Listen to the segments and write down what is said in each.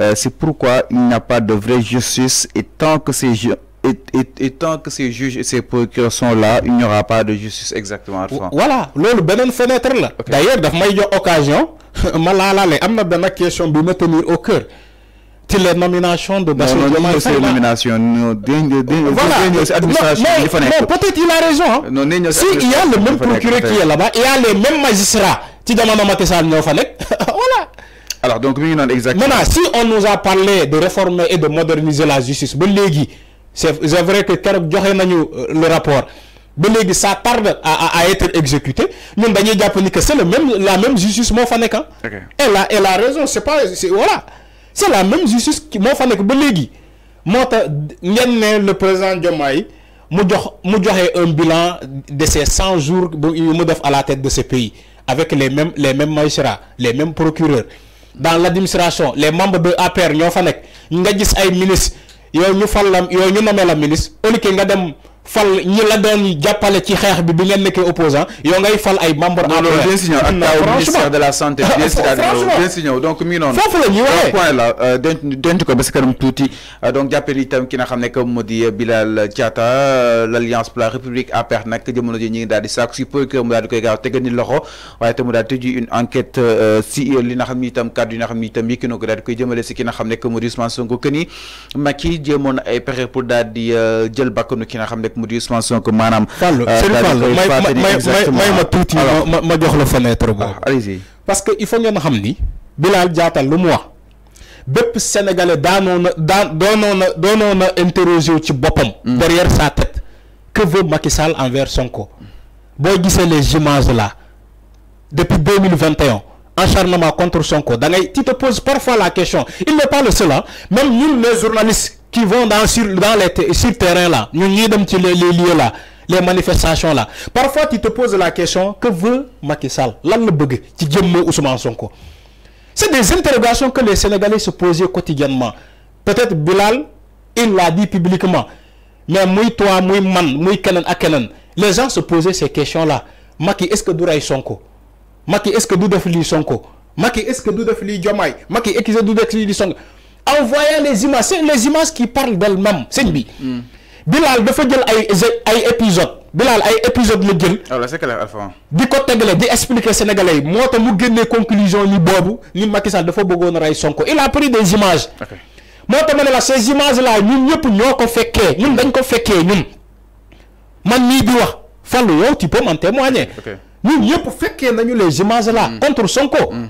Euh, c'est pourquoi il n'y a pas de vraie justice et tant que ces et, tant que ces juges et ces procureurs sont là, il n'y aura pas de justice exactement. Voilà, lolu benen fenêtre là. D'ailleurs, daf may l'occasion occasion ma laalalé amna ben question bi me tenir au cœur. C'est les nominations de Bassou Diomaye Non, non, c'est nomination. nominations. voilà. administration mais, peut-être il a raison. Hein. si il y a le même procureur qui est là-bas, il y a les mêmes magistrats. Ti demande à tessal ñofa Voilà alors donc nous ngi exactement. maintenant si on nous a parlé de réformer et de moderniser la justice c'est vrai que keroog joxe nañu euh, le rapport ça tarde à à être exécuté mais dañuy jàpp ni que le même la même justice qui fa hein. et elle a elle a raison c'est pas c' voilà C'est la même justice qui fa nekk ba léegi le président Diomaye mu jox mu un bilan de ces 100 jours bu mu à la tête de ce pays avec les mêmes les mêmes magistrats les mêmes procureurs. dans l' administration les membres de APR ñoo fa nekk nga gis ay ministre yow ñu fal la yow ñu nommé la ministre au lieu que nga dem. fal ñi la doon jàppale ci xeex bi bi ngeen nekkee opposant yow ngay fal ay membre non loolu dina si ñëw ak taw ministère de la santé bien si si ñëw donc mi noonu foofu la ñuy waxee point là euh, denc ko ba si kanam tuuti euh, donc jàppale itam ki nga xam ne que moo di euh, Bilal Diatta l' alliance pour la république APR nag jamono ji ñu ngi daal di sàkku si procureur mu daal di koy gaaw tegal ni loxo waaye te mu daal di tëj une enquête si li nga xam ni itam kàddu yi nga xam ni itam yëkki na ko daal di koy jëmale si ki nga xam ne que moo di Ousmane Sonko que ni Macky jéemoon ay pexe pour daal di jël bakkanu ki nga xam ne rek mu di Ousmane Sonko mais euh, mais may ma tuuti ma jox la fenêtre boobu. Ah, allez-y parce que il faut ngeen xam ni. Bilal Diatta lu mu wax bepp sénégalais daanoo na daan na interroger ci bopam hmm. derrière sa tête. que veut Macky Sall envers Sonko. boy gisee les images là depuis 2021, acharnement contre Sonko da ngay tu te poses parfois la question il n'est pas le seul hein. même nous les journalistes qui vont dans, sur, dans les, sur terrain là, nous sommes dans les, les lieux là, les manifestations là. Parfois, tu te poses la question, que veut Macky Sall C'est des interrogations que les Sénégalais se posaient quotidiennement. Peut-être Bilal, il l'a dit publiquement. Mais moi, toi, moi, man, moi, Kenan, kenen. Les gens se posaient ces questions-là. Maki, est-ce que Douraï Sonko Maki, est-ce que Fili Sonko Maki, est-ce que Fili Djamai Maki, est-ce que Fili Sonko en voyant les images c'est les images qui parlent d'elles-mêmes sëñ bi. Bilal dafa jël ay ay épisodes Bilal ay épisodes la jël. alors oh, c'est clair Alpha. di ko tegale di expliquer sénégalais yi moo tax mu génnee conclusion ni boobu ni Macky Sall dafa bëggoon rey Sonko il a pris des images. moo tax ma ne la ces images là ñun ñëpp ñoo ko fekkee ñun dañ ko fekkee ñun man mii di wax Fallou yow tu peux m'en témoigner. ñun ñëpp fekkee nañu les images là mm. contre Sonko. Mm.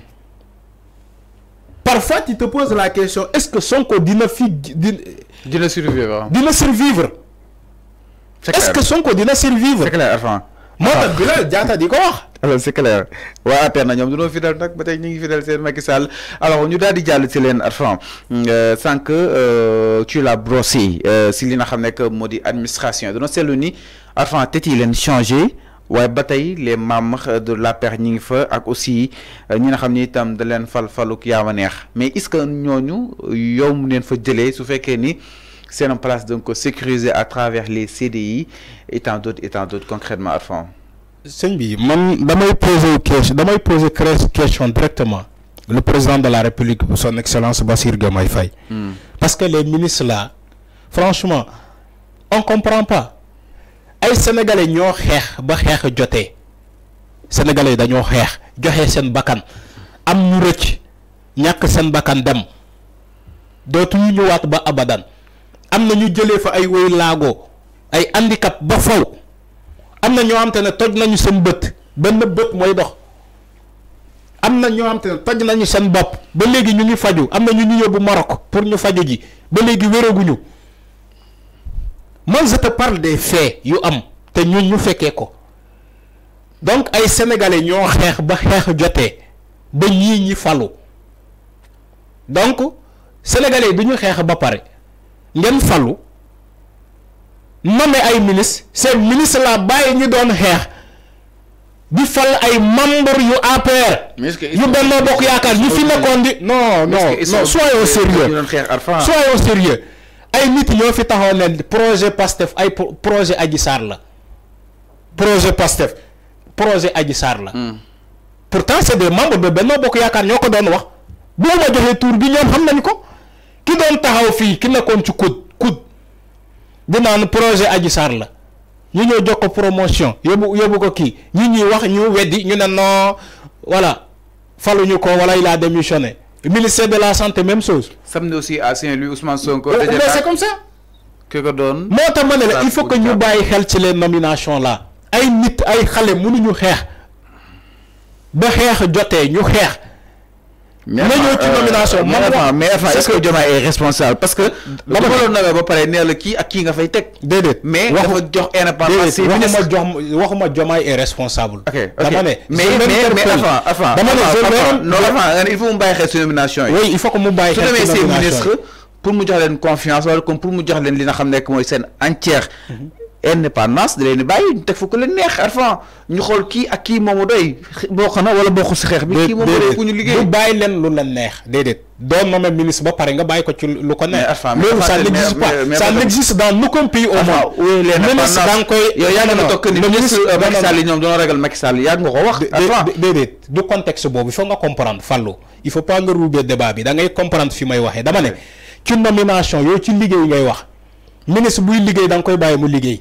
Parfois, tu te poses la question, est-ce que Sonko dina fi... survivre. Dina survivre. Hein. Est-ce que Sonko dina survivre C'est clair, enfin. Moi, ah. tax bi la jaata di wax. alors c'est clair waa APR na ñoom dañoo fidèle nag ba tey ngi fidèle c'est Macky Sall alors ñu daal di jàll ci len Arfan euh, sànq euh, tu l'as brossé euh, si li nga xam ne que moo administration dañoo seetlu ni Arfan tët len changer changé. Ouais, bataille les membres de la ñi aussi euh, ñi nga xam ni itam da fal faluk yaa neex mais est-ce que ñooñu euh, yow mu leen fa fait su fekkee ni en place donc sécurisé à travers les CDI et tant d'autres et tant d'autres concrètement à fond. bi man damay poser question damay poser question directement le président de la République son excellence Bassirou Gamay Faye. Hmm. parce que les ministres là franchement on comprend pas. ay sénégalais ñoo xeex ba xeex jotee sénégalais dañoo xeex joxe seen bakkan am ñu rëcc ñàkk seen bakkan dem dootuñu ñëwaat ba abadan am na ñu jëlee fa ay woy laago ay handicap ba faw am na ñoo xam ne toj nañu seen bët benn bët mooy dox am na ñoo xam ne toj nañu seen bopp ba léegi ñu ngi faju am na ñu ñu yóbbu Maroc pour ñu faju ji ba léegi wéraguñu je te parle des faits yu am te donc les sénégalais ñoo xeex ba donc sénégalais ils pare nommé ay ministre ces ministres la bàyyi ñu doon xeex di ay membre yu APR. yu Benno Bokk non non non au sérieux au sérieux ay nit ñoo fi projet PASTEF ay projet Adji projet PASTEF projet Adji hmm. pourtant c'est des membres de Benno Bokk Yaakaar ñoo doon wax bu ma joxee tour bi ñoom xam nañ ko ki doon taxaw fii ki nekkoon ci kud kud di naan projet Adji sar la ñu jox ko promotion yóbbu yóbbu ko kii ñi ñuy wax ñu ñu non voilà il a démissionné. Le ministère de la santé même chose. dit aussi à Saint-Louis Ousmane Sonko. mais c'est comme ça. que que Moi il faut que nous baillons les nominations là ay nit ay nous mais ñëw euh, nomination mais enfin, est ce que Diomaye est responsable parce que. ba ma doon nawee ba pare nee la kii ak kii nga fay teg. déedéet mais dafa jox indépendance. waxuma jox waxuma Diomaye est responsable. ok dama ne. mais mais enfin, enfin, dama ne non euh, il faut mu bàyyi cette nomination oui il faut que mu bàyyi xel si nomination yi su demee pour mu jox leen confiance comme pour mu jox leen li nga xam nekk mooy entière. Mhm. indépendance da leen bàyyi ñu teg fa ku leen neex Arfan ñu xool kii ak kii moomu doy bokk na wala bokku si xeex bi kii moomu doy ku ñu liggéey bu bàyyi leen lu la neex déedéet doon même ministre ba pare nga bàyyi ko ci lu ko neex Arfan loolu ça n'existe pas ça n'existe dans aucun pays au moins monde ministre da nga koy yow yaa nga toog ni ministre Macky Sall yi ñoom doon régal Macky Sall yaa nga ko wax arfa dedet du contexte boobu il faut nga comprendre Fallou il faut pas nga roubé débat bi da ngay comprendre fi may waxee dama ne ci nomination yooyu ci liggéey ngay wax ministre buy liggéey da nga koy bàyyi mu liggéey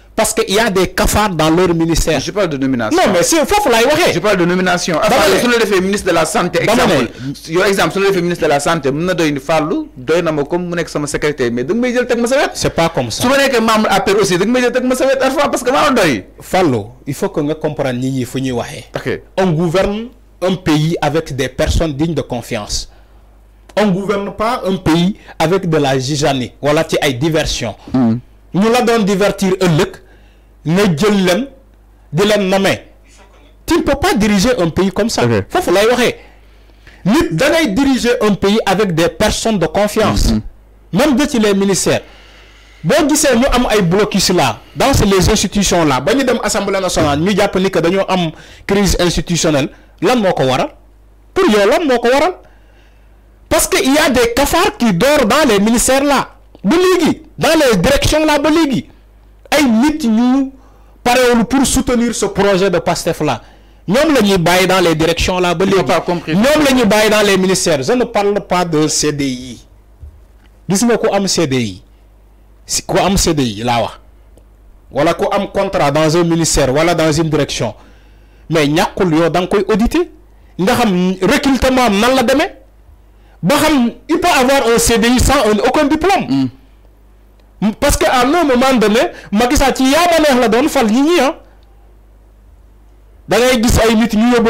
parce qu'il y a des cafards dans leur ministère. Je parle de nomination. Non, mais si il faut que Je parle de nomination. Enfin, si on le ministre de la Santé, exemple. Yo, exemple, si le le ministre de la Santé, je ne dois pas le comme je suis secrétaire. Mais je ne secrétaire. pas C'est pas comme ça. Si je suis membre appel aussi, je ne dois pas parce que je dois. Fallo, il faut que nous comprenions ni faut ni Ok. On gouverne un pays avec des personnes dignes de confiance. On ne gouverne pas un pays avec de la gijanie. Voilà, tu as diversion. Hmm nous l'avons divertir look, nga jël de di la nommer tu ne peux pas diriger un pays comme ça Il faut waxee nit da ngay diriger un pays avec des personnes de confiance mhm. même de les ministères Bon, nous avons am ay bloqué là dans les institutions là dans l'Assemblée assemblée nationale nous y ni que am crise institutionnelle lan pour y avoir parce qu'il y a des cafards qui dorment dans les ministères là dans les directions là ba Et ay nit ñu pour soutenir ce projet de PASTEF là nous la ñuy dans les directions là ba léegi ñoom dans les ministères je ne parle pas de CDI Dis-moi quoi am CDI C'est quoi am CDI là wax Voilà quoi am contrat dans un ministère voilà dans une direction mais a que da dans koy auditer nga xam recrutement nan la demee il peut avoir un CDI sans aucun diplôme. Hmm. Parce qu'à un moment donné, Macky Sall ci yaamaneex la doon fal ñi ñi ah da ngay gis ay nit ñu yóbbu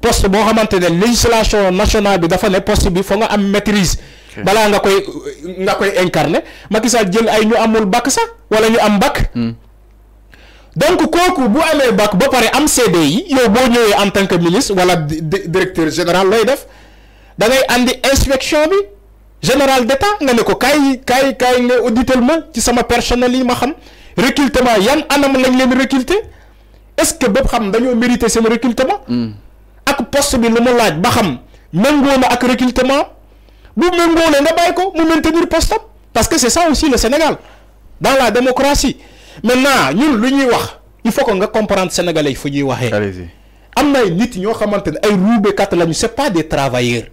poste boo xamante la législation nationale bi dafa ne poste bi fa nga am maîtrise balaa nga koy nga koy incarner Macky Sall jël ay ñu amul bac sax wala ñu am bac hmm. donc kooku bu amee bac ba pare am CDI yow boo ñëwee en tant que ministre wala directeur général looy def da ngay andi inspection bi général d'état nga ne ko kay kay kay nga auditeur ma ci sama personnel yi ma xam recrutement yan anam lañ leen recruter est-ce que bépp xam dañoo mériter sama recrutement hmm. ak poste bi lu mu laaj ba xam méngoo na ak recrutement bu méngoo la nga bàyyi ko mu maintenir poste am parce que c'est ça aussi le Sénégal dans la démocratie maintenant ñun lu ñuy wax il faut que nga comprendre sénégalais yi fu ñuy waxee am na ay nit ñoo xamante ne ay ruubekat lañu c'est pas des travailleurs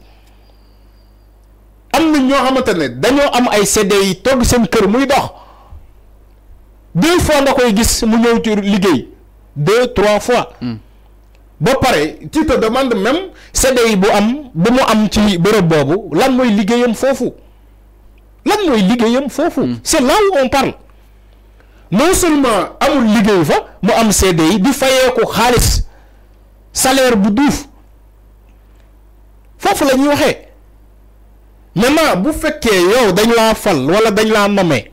de ñoo am ay CDI togg seen deux fois koy gis mu deux trois fois. Hmm. ba pare tu te demandes même bu am bu mu am ci bërëb boobu lan mooy liggéeyam foofu lan hmm. c'est là où on parle non seulement amul fa mu am CDI salaire bu duuf foofu la maintenant bu fekkee yow dañ la fal wala dañ la nommé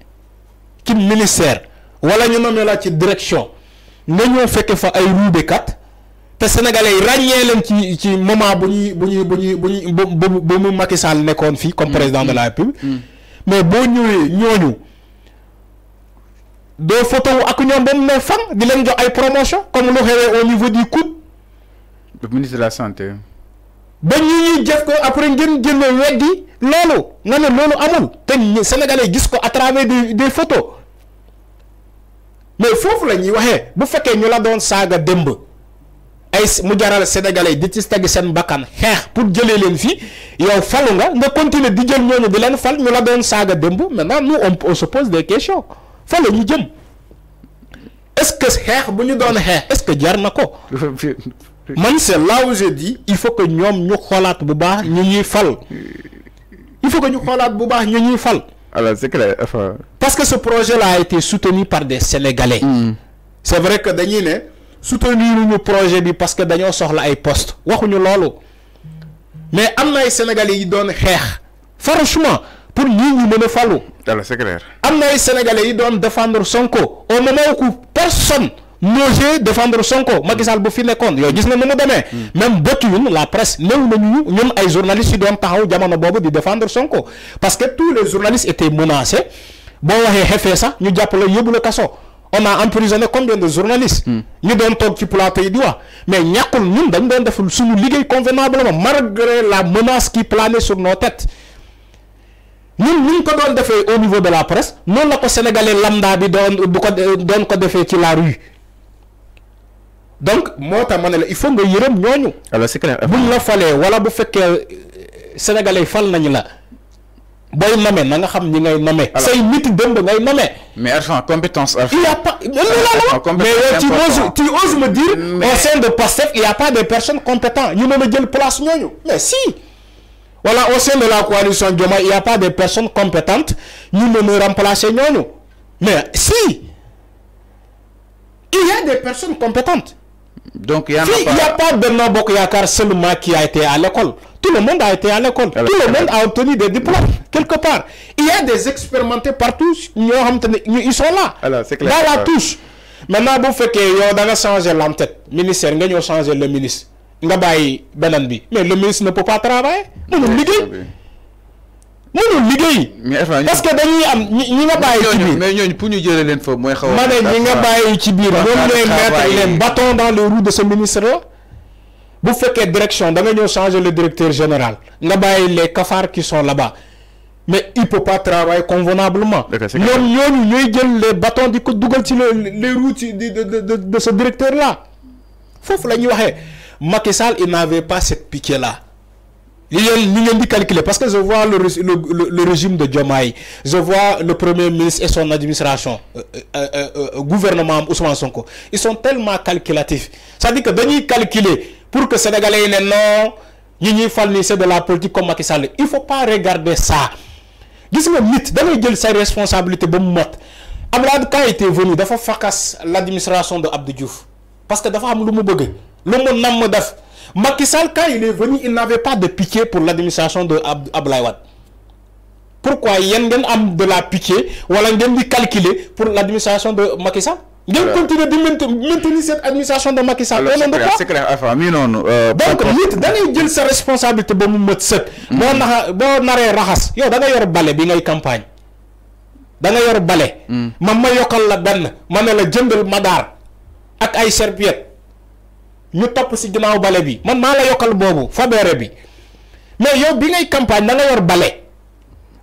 ki ministère wala ñu nommé la ci direction nga ñu fekke fa ay ruubekat té sénégalais ragné leen ci ci moment bu ñuy bu ñuy bu ñuy bu ñuy bu mu Macky Sall nekkoon fi comme mm, président mm, de la République mm. mais bo ñëwee ñooñu do photo ak ñom bam né fam di leen jox ay promotion comme lu xéwé au niveau du coup le ministre de la santé ba ñu ñuy jëf ko après ngeen génn weddi loolu nga ne loolu amul te sénégalais gis ko à travers des des photos mais foofu la ñuy waxee bu fekkee ñu la doon saaga démb ay mu jaral sénégalais di ci teg seen bakkan xeex pour jëlee leen fii yow falu nga nga continuer di jël ñooñu di leen fal ñu la doon saaga démb maintenant nous on se pose des questions fa la ñu jëm est-ce que xeex bu ñu doon xeex est-ce que jar na ko. man c'est là où j'ai dit il faut que nous nous xoolaat bu nous ñu il faut que nous xoolaat bu baax ñu alors c'est clair parce que ce projet là a été soutenu par des sénégalais hmm. c'est vrai que Daniel a soutenu le projet parce que sort soxla ay poste mais amna sénégalais yi donnent rien franchement pour nous ñu ne a alors c'est clair amna na ay sénégalais yi doon défendre Sonko au moment où personne loger défendre Sonko Macky Sall bu fi nekkoon yow gis na numu démé hmm. même bët yun la presse néw nañu ñun ay journalistes yi doon taxaw jamono bobu di défendre Sonko parce que tous les journalistes étaient menacés boo waxee xefee sax ñu jàpp la yóbbu la kaso on a emprisonné combien de journalistes hmm. ñu doon tok ci plateau yi di wax mais ñakul ñun dañ doon deful suñu liguey convenablement malgré la menace qui planait sur nos têtes ñun ñu ko doon defee au niveau de la presse non la ko sénégalais lambda bi doon bu ko doon ko defee ci la rue donc moi il faut nga yërëm ñooñu. alors c'est clair buñ la falé wala bu fekkee sénégalais fal nañ la boy nommé na nga xam ñi ngay nommé say nit dënd ngay nommé mais compétence il y a pas mais euh, tu oses tu oses me dire. au sein de PASSEF, il y a pas des personnes compétentes ñu mëna jël place ñooñu mais si. voilà au sein de la coalition Diomaye il y a pas des personnes compétentes ñu mëna remplacer ñooñu mais si il y a des personnes compétentes. Donc il n'y a, pas... a, pas... Bernard seulement qui a été à l'école. Tout le monde a été à l'école. Tout le monde a obtenu des diplômes, quelque part. Il y a des expérimentés partout. Ils sont là. dans la touche. Maintenant, vous faites que vous avez changé l'entête. Le ministère, vous avez changé le ministre. Mais le ministre ne peut pas travailler parce que mais dans le roue de ce ministre vous faites direction da nga le directeur général nga les cafards qui sont là-bas mais il peut pas travailler convenablement les bâtons de ce directeur là la ñuy Macky Sall il n'avait pas cette pitié là calculer parce que je vois le, le, le, régime de Diomaye, je vois le premier ministre et son administration, euh, euh, euh, euh gouvernement Ousmane Sonko. Ils sont tellement calculatifs. Ça dit que de calculer pour que les Sénégalais aient non, ils c'est de la politique comme Macky Sall. Il ne faut pas regarder ça. Dis-moi, mythe, d'aller sa responsabilité, bon mot. Amrad, quand il était venu, il faut l'administration de Abdou Diouf. Parce que faut faire ce qu'il veut. Ce qu'il Macky quand il est venu, il n'avait pas de piqué pour l'administration de Ab Pourquoi il y a de la piqué ou de calculer pour l'administration de Macky Sall continue de continuer maintenir cette administration de Macky Sall. alors c' est clair euh, donc il da ngay jël sa responsabilité ba mu mët sët. Mm-hmm. boo naxa rahas yo raxas yow da nga yor bale bi ngay campagne da nga yor bale. Mm. man ma yokkal la benn ma ne la ak ay serviette ñu topp si ginnaaw bale bi man maa la yokkal boobu fabeere bi mais yow bi ngay campagne da nga yor bale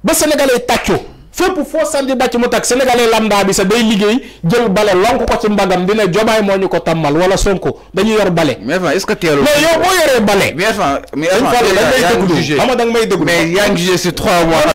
ba sénégalais tàccu fépp foo sandi bàcc mu tag sénégalais lambda bi sa day liggéey jël bale lonk ko ci mbagam dina jomaay moo ñu ko tàmmal wala sonko dañu yor bale. mais est-ce que mais yow boo yoree bale. mais mais da nga may déglu xam nga da nga may déglu mais yaa ngi jugé si trois mois.